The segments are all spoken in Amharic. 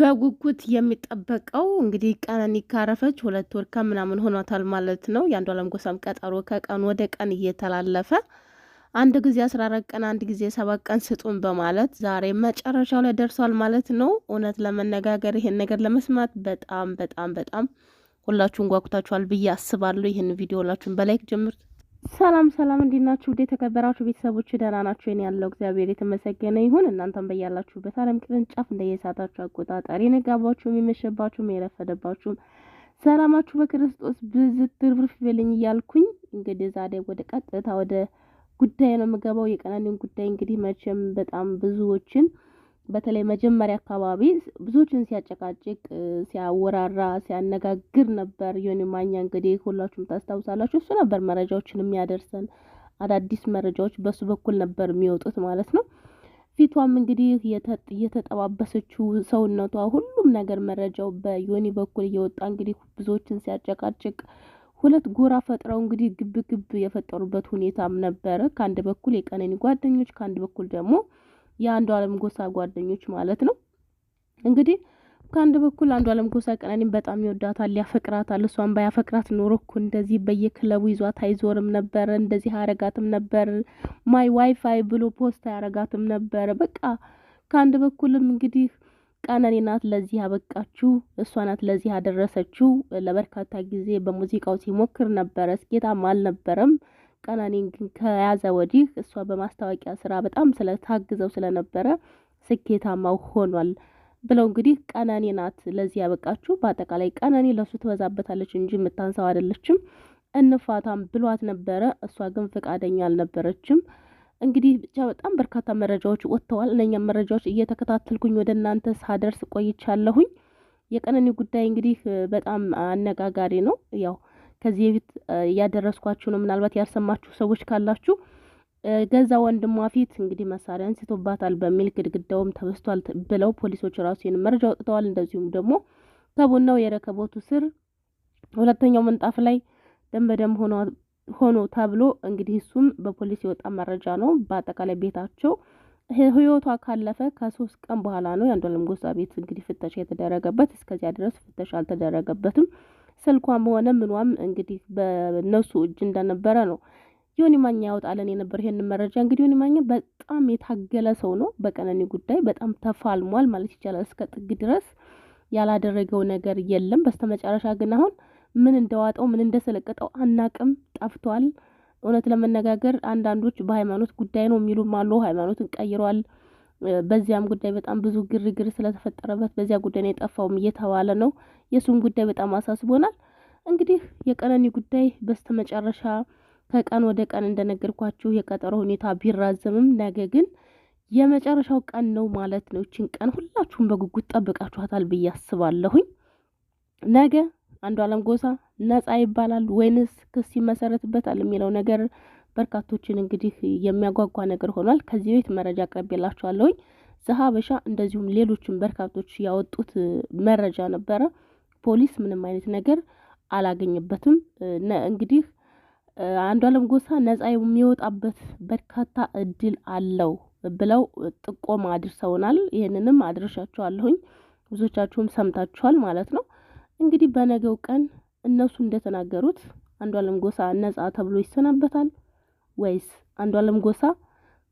በጉጉት የሚጠበቀው እንግዲህ ቀነኒ ካረፈች ሁለት ወር ከምናምን ሆኗታል ማለት ነው። የአንዷለም ጎሳም ቀጠሮ ከቀን ወደ ቀን እየተላለፈ አንድ ጊዜ አስራ አራት ቀን አንድ ጊዜ ሰባት ቀን ስጡን በማለት ዛሬ መጨረሻው ላይ ደርሷል ማለት ነው። እውነት ለመነጋገር ይሄን ነገር ለመስማት በጣም በጣም በጣም ሁላችሁን ጓጉታችኋል ብዬ አስባለሁ። ይህን ቪዲዮ ሁላችሁን በላይክ ጀምሩት። ሰላም ሰላም፣ እንዴት ናችሁ? ውድ የተከበራችሁ ቤተሰቦች ደህና ናችሁ? እኔ ያለው እግዚአብሔር የተመሰገነ ይሁን። እናንተም በያላችሁበት ዓለም ቅርንጫፍ እንደየሰዓታችሁ አቆጣጠር የነጋባችሁም የመሸባችሁም የረፈደባችሁም ሰላማችሁ በክርስቶስ ብዝት ትርፍ ይበልኝ እያልኩኝ እንግዲህ ዛሬ ወደ ቀጥታ ወደ ጉዳይ ነው የምገባው። የቀናኔውን ጉዳይ እንግዲህ መቼም በጣም ብዙዎችን በተለይ መጀመሪያ አካባቢ ብዙዎችን ሲያጨቃጭቅ ሲያወራራ ሲያነጋግር ነበር። ዮኒ ማኛ እንግዲህ ሁላችሁም ታስታውሳላችሁ። እሱ ነበር መረጃዎችን የሚያደርሰን። አዳዲስ መረጃዎች በሱ በኩል ነበር የሚወጡት ማለት ነው። ፊቷም እንግዲህ የተጠባበሰችው ሰውነቷ፣ ሁሉም ነገር መረጃው በዮኒ በኩል እየወጣ እንግዲህ ብዙዎችን ሲያጨቃጭቅ ሁለት ጎራ ፈጥረው እንግዲህ ግብ ግብ የፈጠሩበት ሁኔታም ነበረ። ከአንድ በኩል የቀነኒ ጓደኞች፣ ከአንድ በኩል ደግሞ የአንዱ አለም ጎሳ ጓደኞች ማለት ነው። እንግዲህ ከአንድ በኩል አንዱ አለም ጎሳ ቀነኒን በጣም ይወዳታል፣ ያፈቅራታል። እሷን ባያፈቅራት ኖሮ እኮ እንደዚህ በየክለቡ ይዟት አይዞርም ነበር፣ እንደዚህ አያረጋትም ነበር፣ ማይ ዋይፋይ ብሎ ፖስት አያረጋትም ነበር። በቃ ከአንድ በኩልም እንግዲህ ቀነኒ ናት ለዚህ ያበቃችሁ፣ እሷ ናት ለዚህ ያደረሰችው። ለበርካታ ጊዜ በሙዚቃው ሲሞክር ነበረ፣ ስኬታም አልነበረም። ቀነኒን ግን ከያዘ ወዲህ እሷ በማስታወቂያ ስራ በጣም ስለታግዘው ስለነበረ ስኬታማው ሆኗል ብለው እንግዲህ ቀነኒ ናት ለዚህ ያበቃችሁ። በአጠቃላይ ቀነኒ ለሱ ትበዛበታለች እንጂ የምታንሰው አይደለችም። እንፋታም ብሏት ነበረ፣ እሷ ግን ፈቃደኛ አልነበረችም። እንግዲህ ብቻ በጣም በርካታ መረጃዎች ወጥተዋል። እነኛም መረጃዎች እየተከታተልኩኝ ወደ እናንተ ሳደርስ ቆይቻለሁኝ። የቀነኒ ጉዳይ እንግዲህ በጣም አነጋጋሪ ነው ያው ከዚህ በፊት እያደረስኳችሁ ነው። ምናልባት ያልሰማችሁ ሰዎች ካላችሁ ገዛ ወንድሟ ፊት እንግዲህ መሳሪያ አንስቶባታል በሚል ግድግዳውም ተበስቷል ብለው ፖሊሶች ራሱ መረጃ አውጥተዋል። እንደዚሁም ደግሞ ከቡናው የረከቦቱ ስር ሁለተኛው ምንጣፍ ላይ ደም በደም ሆኖ ተብሎ እንግዲህ እሱም በፖሊስ የወጣ መረጃ ነው። በአጠቃላይ ቤታቸው ህይወቷ ካለፈ ከሶስት ቀን በኋላ ነው የአንዷለም ጎሳ ቤት እንግዲህ ፍተሻ የተደረገበት። እስከዚያ ድረስ ፍተሻ አልተደረገበትም። ስልኳም ሆነ ምኗም እንግዲህ በነሱ እጅ እንደነበረ ነው ዮኒ ማኛ ያወጣለን የነበር ይሄን መረጃ። እንግዲህ ዮኒ ማኛ በጣም የታገለ ሰው ነው። በቀነኒ ጉዳይ በጣም ተፋልሟል ማለት ይቻላል። እስከ ጥግ ድረስ ያላደረገው ነገር የለም። በስተመጨረሻ ግን አሁን ምን እንደዋጠው ምን እንደሰለቀጠው አናቅም፣ ጠፍቷል። እውነት ለመነጋገር አንዳንዶች በሃይማኖት ጉዳይ ነው የሚሉም አሉ። ሃይማኖትን ቀይሯል በዚያም ጉዳይ በጣም ብዙ ግርግር ስለተፈጠረበት በዚያ ጉዳይ ነው የጠፋውም እየተባለ ነው። የእሱም ጉዳይ በጣም አሳስቦናል። እንግዲህ የቀነኒ ጉዳይ በስተመጨረሻ ከቀን ወደ ቀን እንደነገርኳችሁ የቀጠሮ ሁኔታ ቢራዘምም ነገ ግን የመጨረሻው ቀን ነው ማለት ነው። እችን ቀን ሁላችሁም በጉጉት ጠብቃችኋታል ብዬ አስባለሁኝ። ነገ አለም ጎሳ ነጻ ይባላል ወይንስ ክስ ይመሰረትበታል የሚለው ነገር በርካቶችን እንግዲህ የሚያጓጓ ነገር ሆኗል። ከዚህ ቤት መረጃ አቅርቤላችኋለሁኝ። ዘሀበሻ እንደዚሁም ሌሎችም በርካቶች ያወጡት መረጃ ነበረ። ፖሊስ ምንም አይነት ነገር አላገኘበትም። እንግዲህ አንዷለም ጎሳ ነጻ የሚወጣበት በርካታ እድል አለው ብለው ጥቆም አድርሰውናል። ይህንንም አድርሻችኋለሁኝ። ብዙዎቻችሁም ሰምታችኋል ማለት ነው። እንግዲህ በነገው ቀን እነሱ እንደተናገሩት አንዷለም ጎሳ ነጻ ተብሎ ይሰናበታል። ወይስ አንዷለም ጎሳ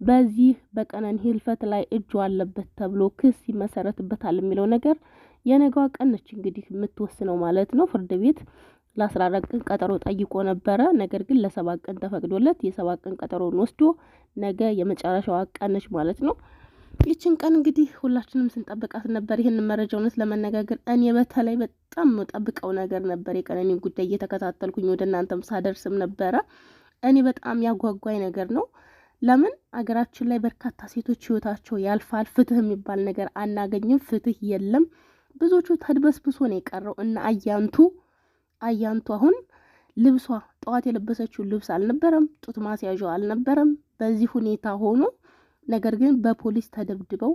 በዚህ በቀነኒ ህልፈት ላይ እጁ አለበት ተብሎ ክስ ይመሰረትበታል የሚለው ነገር የነገዋ ቀን ነች እንግዲህ የምትወስነው ማለት ነው። ፍርድ ቤት ለአስራ አራት ቀን ቀጠሮ ጠይቆ ነበረ። ነገር ግን ለሰባት ቀን ተፈቅዶለት የሰባት ቀን ቀጠሮን ወስዶ ነገ የመጨረሻዋ ቀን ነች ማለት ነው። ይችን ቀን እንግዲህ ሁላችንም ስንጠብቃት ነበር። ይህንን መረጃ እውነት ለመነጋገር እኔ በተለይ በጣም ጠብቀው ነገር ነበር። የቀነኒን ጉዳይ እየተከታተልኩኝ ወደ እናንተም ሳደርስም ነበረ። እኔ በጣም ያጓጓኝ ነገር ነው። ለምን አገራችን ላይ በርካታ ሴቶች ህይወታቸው ያልፋል። ፍትህ የሚባል ነገር አናገኝም። ፍትህ የለም። ብዙዎቹ ተድበስብሶ ነው የቀረው እና አያንቱ አያንቱ አሁን ልብሷ ጠዋት የለበሰችው ልብስ አልነበረም፣ ጡት ማስያዣ አልነበረም። በዚህ ሁኔታ ሆኖ ነገር ግን በፖሊስ ተደብድበው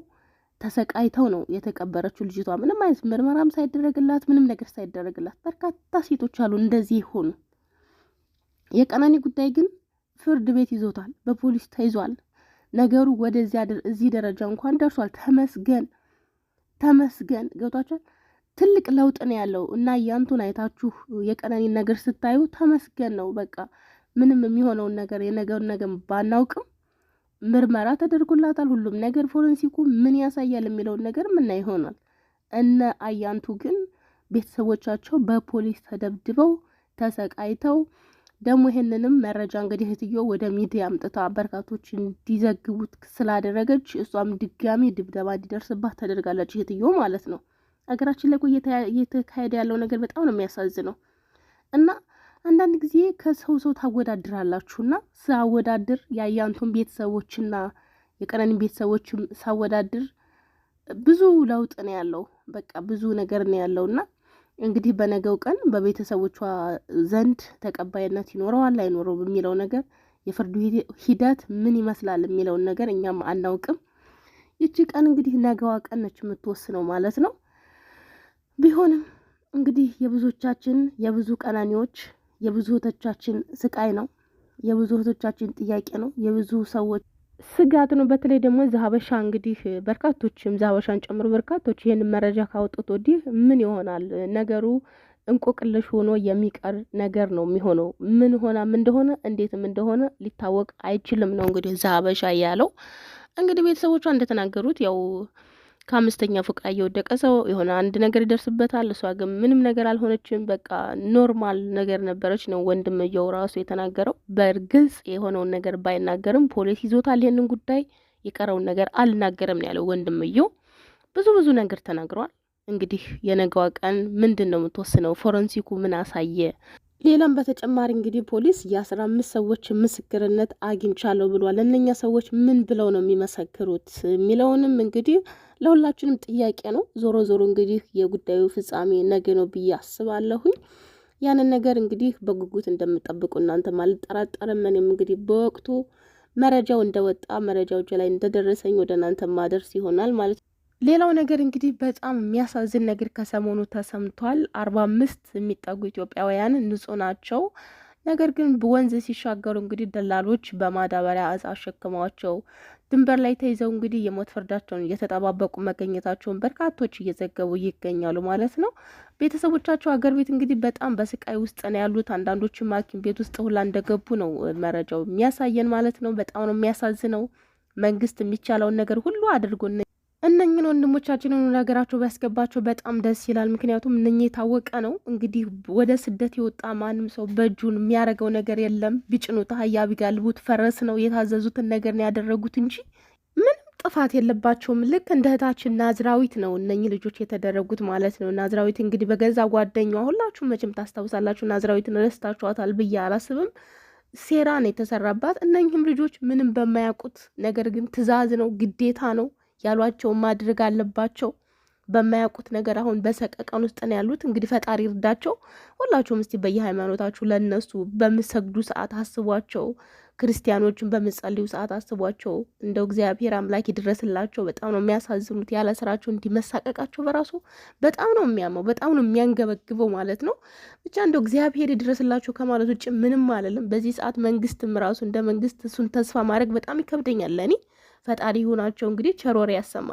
ተሰቃይተው ነው የተቀበረችው ልጅቷ ምንም አይነት ምርመራም ሳይደረግላት ምንም ነገር ሳይደረግላት። በርካታ ሴቶች አሉ እንደዚህ ሆኑ። የቀነኒ ጉዳይ ግን ፍርድ ቤት ይዞታል፣ በፖሊስ ተይዟል። ነገሩ ወደዚያ እዚህ ደረጃ እንኳን ደርሷል። ተመስገን ተመስገን። ገብቷቸዋል። ትልቅ ለውጥ ነው ያለው እና እያንቱን አይታችሁ የቀነኒን ነገር ስታዩ ተመስገን ነው። በቃ ምንም የሚሆነውን ነገር የነገሩን ነገር ባናውቅም ምርመራ ተደርጎላታል። ሁሉም ነገር ፎረንሲኩ ምን ያሳያል የሚለውን ነገር ምና ይሆናል። እነ አያንቱ ግን ቤተሰቦቻቸው በፖሊስ ተደብድበው ተሰቃይተው ደግሞ ይህንንም መረጃ እንግዲህ እህትዮ ወደ ሚዲያ አምጥታ በርካቶች እንዲዘግቡት ስላደረገች እሷም ድጋሚ ድብደባ እንዲደርስባት ተደርጋለች እህትዮ ማለት ነው። ሀገራችን ላይ እየተካሄደ ያለው ነገር በጣም ነው የሚያሳዝነው እና አንዳንድ ጊዜ ከሰው ሰው ታወዳድራላችሁና ሳወዳድር የአያንቱን ቤተሰቦችና የቀነኒ ቤተሰቦችም ሳወዳድር ብዙ ለውጥ ነው ያለው። በቃ ብዙ ነገር ነው ያለውና እንግዲህ በነገው ቀን በቤተሰቦቿ ዘንድ ተቀባይነት ይኖረዋል አይኖረው በሚለው ነገር የፍርዱ ሂደት ምን ይመስላል የሚለውን ነገር እኛም አናውቅም። ይቺ ቀን እንግዲህ ነገዋ ቀን ነች የምትወስነው ማለት ነው። ቢሆንም እንግዲህ የብዙዎቻችን የብዙ ቀናኒዎች የብዙ እህቶቻችን ስቃይ ነው። የብዙ እህቶቻችን ጥያቄ ነው። የብዙ ሰዎች ስጋት ነው። በተለይ ደግሞ ዛሀበሻ እንግዲህ በርካቶችም ዛሀበሻን ጨምሮ በርካቶች ይህን መረጃ ካወጡት ወዲህ ምን ይሆናል ነገሩ እንቆቅልሽ ሆኖ የሚቀር ነገር ነው የሚሆነው። ምን ሆናም እንደሆነ እንዴትም እንደሆነ ሊታወቅ አይችልም ነው እንግዲህ ዛሀበሻ ያለው። እንግዲህ ቤተሰቦቿ እንደተናገሩት ያው ከአምስተኛ ፎቅ ላይ የወደቀ ሰው የሆነ አንድ ነገር ይደርስበታል። እሷ ግን ምንም ነገር አልሆነችም። በቃ ኖርማል ነገር ነበረች ነው ወንድምየው ራሱ የተናገረው። በግልጽ የሆነውን ነገር ባይናገርም ፖሊስ ይዞታል ይህንን ጉዳይ። የቀረውን ነገር አልናገርም ነው ያለው ወንድምየው። ብዙ ብዙ ነገር ተናግሯል። እንግዲህ የነገዋ ቀን ምንድን ነው የምትወስነው? ፎረንሲኩ ምን አሳየ? ሌላም በተጨማሪ እንግዲህ ፖሊስ የአስራ አምስት ሰዎች ምስክርነት አግኝቻለሁ ብሏል። እነኛ ሰዎች ምን ብለው ነው የሚመሰክሩት የሚለውንም እንግዲህ ለሁላችንም ጥያቄ ነው። ዞሮ ዞሮ እንግዲህ የጉዳዩ ፍጻሜ ነገ ነው ብዬ አስባለሁኝ። ያንን ነገር እንግዲህ በጉጉት እንደምጠብቁ እናንተ አልጠራጠርም። እኔም እንግዲህ በወቅቱ መረጃው እንደወጣ መረጃው እጅ ላይ እንደደረሰኝ ወደ እናንተ ማደርስ ይሆናል ማለት ነው። ሌላው ነገር እንግዲህ በጣም የሚያሳዝን ነገር ከሰሞኑ ተሰምቷል። አርባ አምስት የሚጠጉ ኢትዮጵያውያን ንጹህ ናቸው። ነገር ግን በወንዝ ሲሻገሩ እንግዲህ ደላሎች በማዳበሪያ እጽ አሸክመዋቸው ድንበር ላይ ተይዘው እንግዲህ የሞት ፍርዳቸውን እየተጠባበቁ መገኘታቸውን በርካቶች እየዘገቡ ይገኛሉ ማለት ነው። ቤተሰቦቻቸው አገር ቤት እንግዲህ በጣም በስቃይ ውስጥ ነው ያሉት። አንዳንዶችም ሐኪም ቤት ውስጥ ሁላ እንደገቡ ነው መረጃው የሚያሳየን ማለት ነው። በጣም ነው የሚያሳዝነው። መንግስት የሚቻለውን ነገር ሁሉ አድርጎ እነኝን ወንድሞቻችንን ወደ ሀገራቸው ቢያስገባቸው በጣም ደስ ይላል። ምክንያቱም እነኚህ የታወቀ ነው እንግዲህ ወደ ስደት የወጣ ማንም ሰው በእጁን የሚያደርገው ነገር የለም። ቢጭኑት አህያ ቢጋልቡት ፈረስ ነው። የታዘዙትን ነገር ነው ያደረጉት እንጂ ምንም ጥፋት የለባቸውም። ልክ እንደ እህታችን ናዝራዊት ነው እነኚህ ልጆች የተደረጉት ማለት ነው። ናዝራዊት እንግዲህ በገዛ ጓደኛዋ ሁላችሁም መቼም ታስታውሳላችሁ። ናዝራዊትን ረስታችኋታል ብዬ አላስብም። ሴራ ነው የተሰራባት። እነኚህም ልጆች ምንም በማያውቁት ነገር ግን ትዕዛዝ ነው ግዴታ ነው ያሏቸውን ማድረግ አለባቸው። በማያውቁት ነገር አሁን በሰቀቀን ውስጥ ነው ያሉት። እንግዲህ ፈጣሪ ይርዳቸው። ሁላችሁም እስቲ በየሃይማኖታችሁ ለነሱ በምሰግዱ ሰዓት አስቧቸው። ክርስቲያኖችን በምጸልዩ ሰዓት አስቧቸው። እንደው እግዚአብሔር አምላክ ይድረስላቸው። በጣም ነው የሚያሳዝኑት። ያለ ስራቸው እንዲመሳቀቃቸው በራሱ በጣም ነው የሚያመው፣ በጣም ነው የሚያንገበግበው ማለት ነው። ብቻ እንደው እግዚአብሔር ይድረስላቸው ከማለት ውጭ ምንም አለልም። በዚህ ሰዓት መንግስትም ራሱ እንደ መንግስት እሱን ተስፋ ማድረግ በጣም ይከብደኛል ለእኔ ፈጣሪ ይሁናቸው እንግዲህ ቸሮሬ ያሰማል።